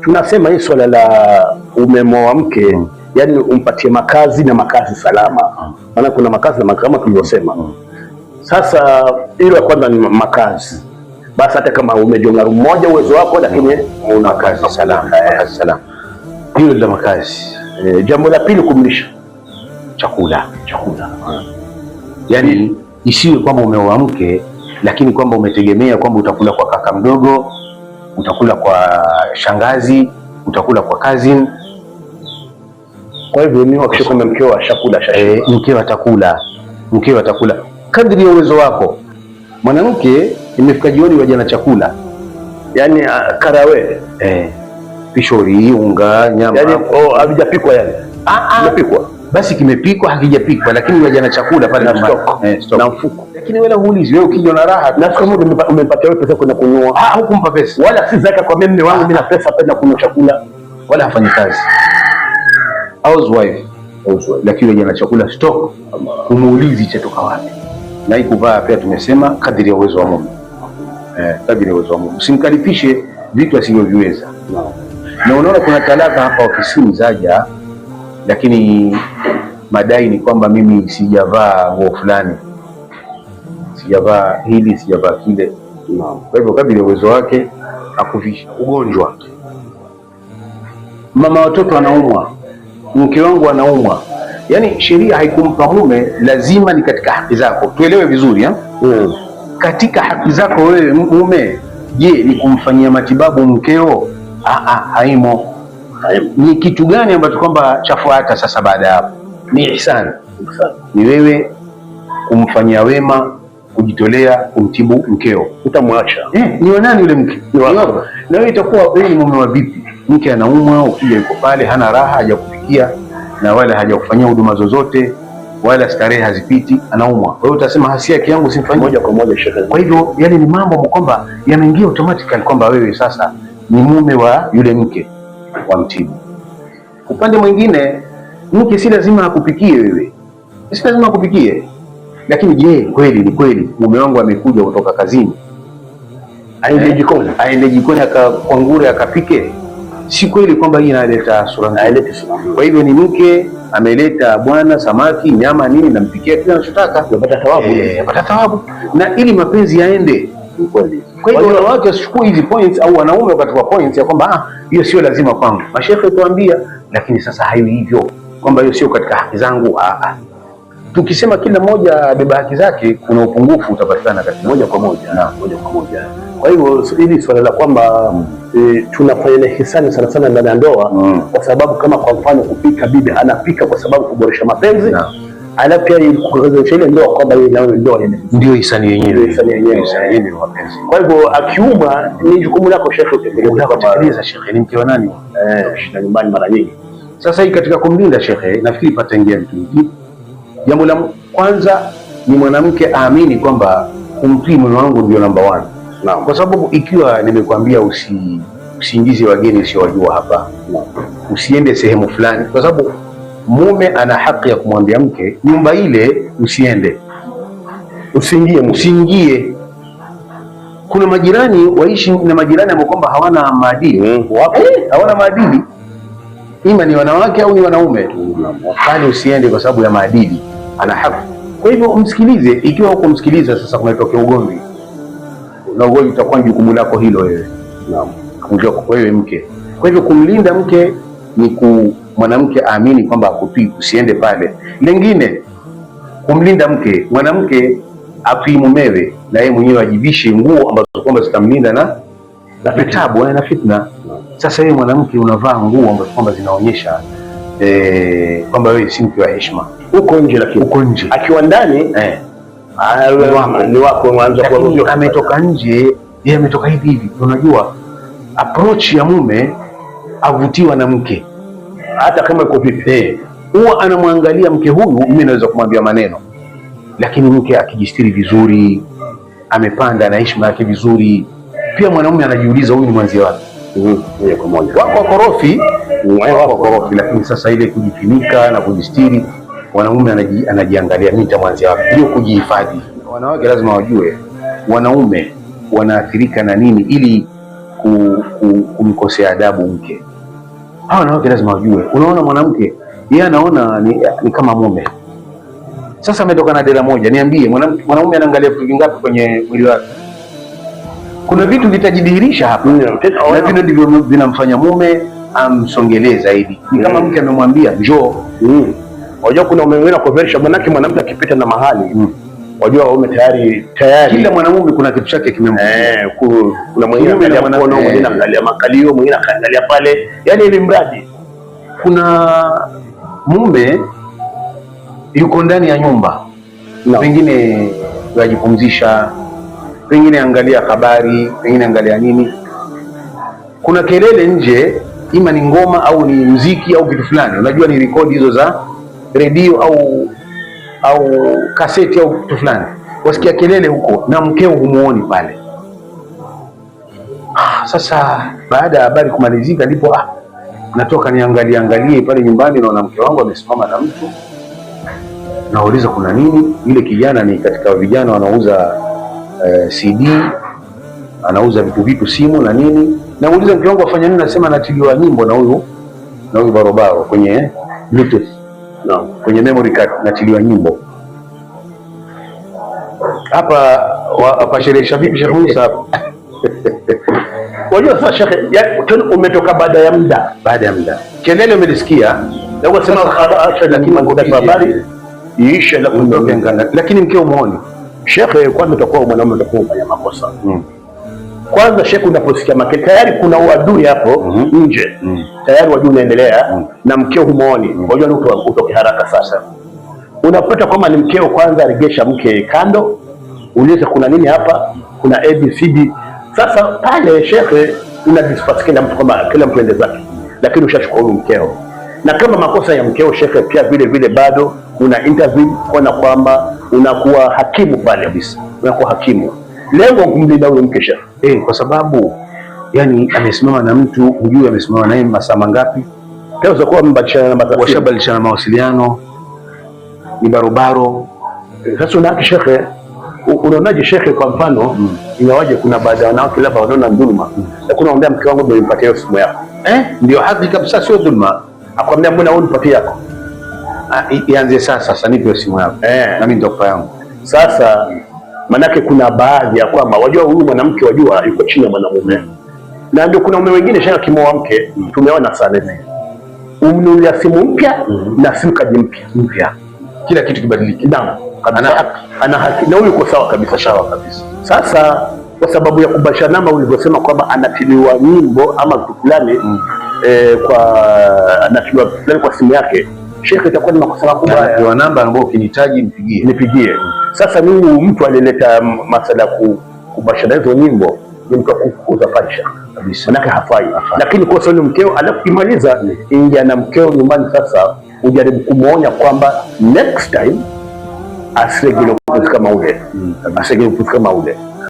Tunasema hii swala la umemoa mke mm. yani umpatie makazi na makazi salama, maana kuna makazi na makama kama tulivyosema. Sasa hilo ya kwanza ni makazi, basi hata kama umejonga room moja uwezo wako, lakini una makazi salama, eh. makazi salama, hilo la makazi. E, jambo la pili kumlisha chakula, chakula yani isiwe kwamba umeoa mke lakini kwamba umetegemea kwamba utakula kwa kaka mdogo utakula kwa shangazi, utakula kwa cousin. Kwa hivyo ni hakisha kwamba mkeo ashakula, e, mkeo atakula, mkeo atakula kadri ya uwezo wako. Mwanamke imefika jioni, waja na chakula yani ah, karawe, eh, pishori, unga, nyama, yani oh, havijapikwa yani, ah, ah. havijapikwa basi kimepikwa hakijapikwa, lakini waja na chakula pale na stock eh, na mfuko, lakini wewe huulizi. Wewe ukija na raha na kama moja umepatia wewe pesa kwenda kunyoa, ah, hukumpa pesa wala si zaka kwa mimi wangu, mimi na pesa kwenda kununua chakula, wala hafanyi kazi housewife, housewife, lakini waja na chakula stock, umuulizi chatoka wapi. Na hii kuvaa pia tumesema kadiri ya uwezo wa Mungu, eh, kadiri ya uwezo wa Mungu, usimkalifishe vitu asivyoviweza. Na unaona kuna talaka hapa ofisini zaja lakini madai ni kwamba mimi sijavaa nguo fulani, sijavaa hili, sijavaa kile. Kwa hivyo kadri ya uwezo wake akufisha ugonjwa. Mama watoto anaumwa, mke wangu anaumwa, yaani sheria haikumpa mume, lazima ni katika haki zako. Tuelewe vizuri ha? Mm. Katika haki zako wewe mume, je, ni kumfanyia matibabu mkeo? Aa, ah, ah, haimo Eh, ni kitu gani ambacho kwamba chafuata sasa baada ya hapo? Ni ihsan, ni wewe kumfanyia wema, kujitolea, kumtibu mkeo. Utamwacha eh, ni nani yule mke? Ni Na wewe itakuwa wewe ni mume wa vipi? Mke anaumwa, ukija yuko pale, hana raha, hajakufikia na wala hajakufanyia huduma zozote wala starehe hazipiti, anaumwa. Kwa hiyo utasema hasia yake yangu simfanyia moja kwa moja shehe. Kwa hivyo yale ni mambo kwamba yanaingia automatically kwamba wewe sasa ni mume wa yule mke mtibu Upande mwingine mke si lazima akupikie wewe, si lazima akupikie. Lakini je, kweli ni kweli mume wangu amekuja kutoka kazini aende eh, jikoni aende jikoni akakwangure akapike? Si kweli kwamba hii inaleta sura. Kwa hivyo ni mke ameleta bwana samaki, nyama, nini, nampikia kile anachotaka, napata thawabu, napata eh, thawabu. Na ili mapenzi yaende kweli. Kwa hiyo wanawake wasichukue hizi points au wanaume wakatoa points ya kwamba ah, hiyo sio lazima kwangu, mashehe tuambia, lakini sasa hayo hivyo kwamba hiyo sio katika haki zangu. Ah, ah. tukisema kila mmoja beba haki zake, kuna upungufu utapatikana kati moja kwa moja na moja kwa moja. Kwa hivyo hili swala la kwamba e, tunafanya hisani sana sana ndani ya ndoa mm, kwa sababu kama kwa mfano kupika, bibi anapika kwa sababu kuboresha mapenzi na alafu pia ile ndoa kwamba ndoa ndio hisani yenyewe, hisani yenyewe. Kwa hivyo akiuma ni jukumu lako shekhe, utatekeleza shekhe. Ni mke wa nani? Eh, nyumbani mara nyingi. Sasa hii katika kumlinda shekhe, nafikiri pataingia vitu hivi. Jambo la kwanza ni mwanamke aamini kwamba kumtii mume wangu ndio namba 1 na kwa sababu ikiwa nimekwambia usi usiingize wageni usiowajua hapa, usiende sehemu fulani, kwa sababu mume ana haki ya kumwambia mke, nyumba ile usiende, usiingie, usiingie. Kuna majirani waishi na majirani ambao kwamba hawana maadili, mm. wapo hawana maadili, ima ni wanawake au ni wanaume, bali usiende kwa sababu ya maadili, ana haki. Kwa hivyo msikilize. Ikiwa msikiliza, sasa, kumetokea ugomvi, na ugomvi utakuwa jukumu lako hilo wewe, naam, wewe mke. Kwa hivyo kumlinda mke ni ku mwanamke aamini kwamba akupii, usiende pale. Lengine kumlinda mke, mwanamke atii mumewe, na yeye mwenyewe ajibishe nguo ambazo kwamba zitamlinda na na petabu eh, na fitna. Sasa yeye mwanamke unavaa nguo ambazo kwamba zinaonyesha eh, kwamba wewe si mke wa heshima uko nje, lakini uko nje akiwa ndani eh, ah, ni wako mwanzo kwa ametoka nje, yeye ametoka hivi hivi. Unajua approach ya mume avutiwa na mke hata kama iko vipi, huwa anamwangalia mke huyu, mimi naweza kumwambia maneno, lakini mke akijistiri vizuri, amepanda na heshima yake vizuri, pia mwanaume anajiuliza huyu ni mwanzi wake. Mm, moja kwa moja wako wakorofi, mm, wako wakorofi, lakini sasa ile kujifinika na kujistiri, mwanaume anaji, anajiangalia mimi ta mwanzi wake, ndio kujihifadhi. Wanawake lazima wajue wanaume wanaathirika na nini ili kumkosea adabu mke hawa wanawake lazima wajue. Unaona, mwanamke yeye anaona ni, ni kama mume. Sasa ametoka na dela moja, niambie mwanaume anaangalia vitu vingapi kwenye mwili wake? Kuna vitu vitajidhihirisha hapa na vile ndivyo vinamfanya mume amsongelee zaidi. Ni kama mke amemwambia njoo. Mm. Unajua kuna umewena conversion, maanake mwanamke akipita na mahali mm wajua waume tayari tayari, kila mwanamume kuna kitu chake kimemkuta. Eh, kuna mwingine anaangalia mwingine anaangalia makalio, mwingine anaangalia pale, yani ili mradi kuna mume yuko ndani ya nyumba no. Pengine yajipumzisha, pengine angalia habari, pengine angalia nini, kuna kelele nje, ima ni ngoma au ni mziki au kitu fulani, unajua ni rekodi hizo za redio au au kaseti au kitu fulani, wasikia kelele huko na mkeo humuoni pale. Ah, sasa baada ya habari kumalizika, ndipo ah, natoka niangalie angalie pale nyumbani, naona mke wangu amesimama na mtu, nauliza kuna nini? Yule kijana ni katika vijana wanauza eh, CD anauza vitu vitu, simu na nini. Nauliza mke wangu afanya nini, anasema anatiliwa nyimbo na huyu na huyu barobaro kwenye eh, Bluetooth no. kwenye memory card natiliwa nyimbo hapa. hapa. Wapasherehesha vipi Sheikh Musa? Wajua sasa Sheikh, umetoka baada ya muda, baada ya muda kelele umelisikia na ukasema habari iishe, lakini mkeo muone Sheikh, eh, kwani utakuwa mwanaume utakuwa umefanya makosa hmm. Kwanza shehe, unaposikia make tayari kuna uadui hapo mm -hmm. nje mm -hmm. tayari wajui unaendelea mm -hmm. na mkeo humuoni mm -hmm. wajua utoke haraka. Sasa unapata kwamba ni mkeo kwanza, regesha mke kando, uliza kuna nini hapa, kuna ABCD. Sasa pale shehe, una discuss kila mtu kama kila mtu ende zake, lakini ushachukua huyu mkeo, na kama makosa ya mkeo shehe, pia vile vile bado una interview kuona kwamba unakuwa hakimu pale kabisa, unakuwa hakimu lengo kumlinda mke mkesha eh, kwa sababu yani amesimama na mtu hujui amesimama naye masaa mangapi. Naweza kuwa mbadilishana na washabadilishana mawasiliano ni barobaro. Eh, sasa unaaki shekhe, unaonaje shekhe? Kwa mfano hmm. inawaje, kuna baadhi ya wanawake labda wanaona dhuluma, hmm. lakini unaambia mke wangu ndio nipatie elfu moja yako, eh, ndio haki kabisa, sio dhuluma. Akwambia mbona wewe unipatie yako, ah, ianze sasa. Sasa nipe simu yako, eh, na mimi ndio kwa yangu sasa Maanake kuna baadhi ya kwamba wajua, huyu mwanamke wajua yuko chini ya mwanamume, na ndio kuna mume wengine shaka kimoa mke, tumeona sana umnulia simu mpya na simu kadi mpya mpya, kila kitu kibadiliki Naam, ana haki, ana haki na huyu uko sawa kabisa, sawa kabisa. Sasa kwa sababu ya kubashana namba ulivyosema kwamba anatiliwa nyimbo ama kitu fulani mm. E, kwa anatiliwa fulani kwa simu yake, shekhe, itakuwa ni makosa makubwa. Anatiliwa namba ambayo ukinitaji nipigie, nipigie sasa mimi mtu alileta masala kubashana hizo nyimbo ni mtu akukuza pacha kabisa, manake hafai, lakini kwa sababu mkeo, alafu kimaliza ingia na mkeo nyumbani. Sasa ujaribu kumwonya kwamba next time asiregele kama ule, mm, asiregele kama ule.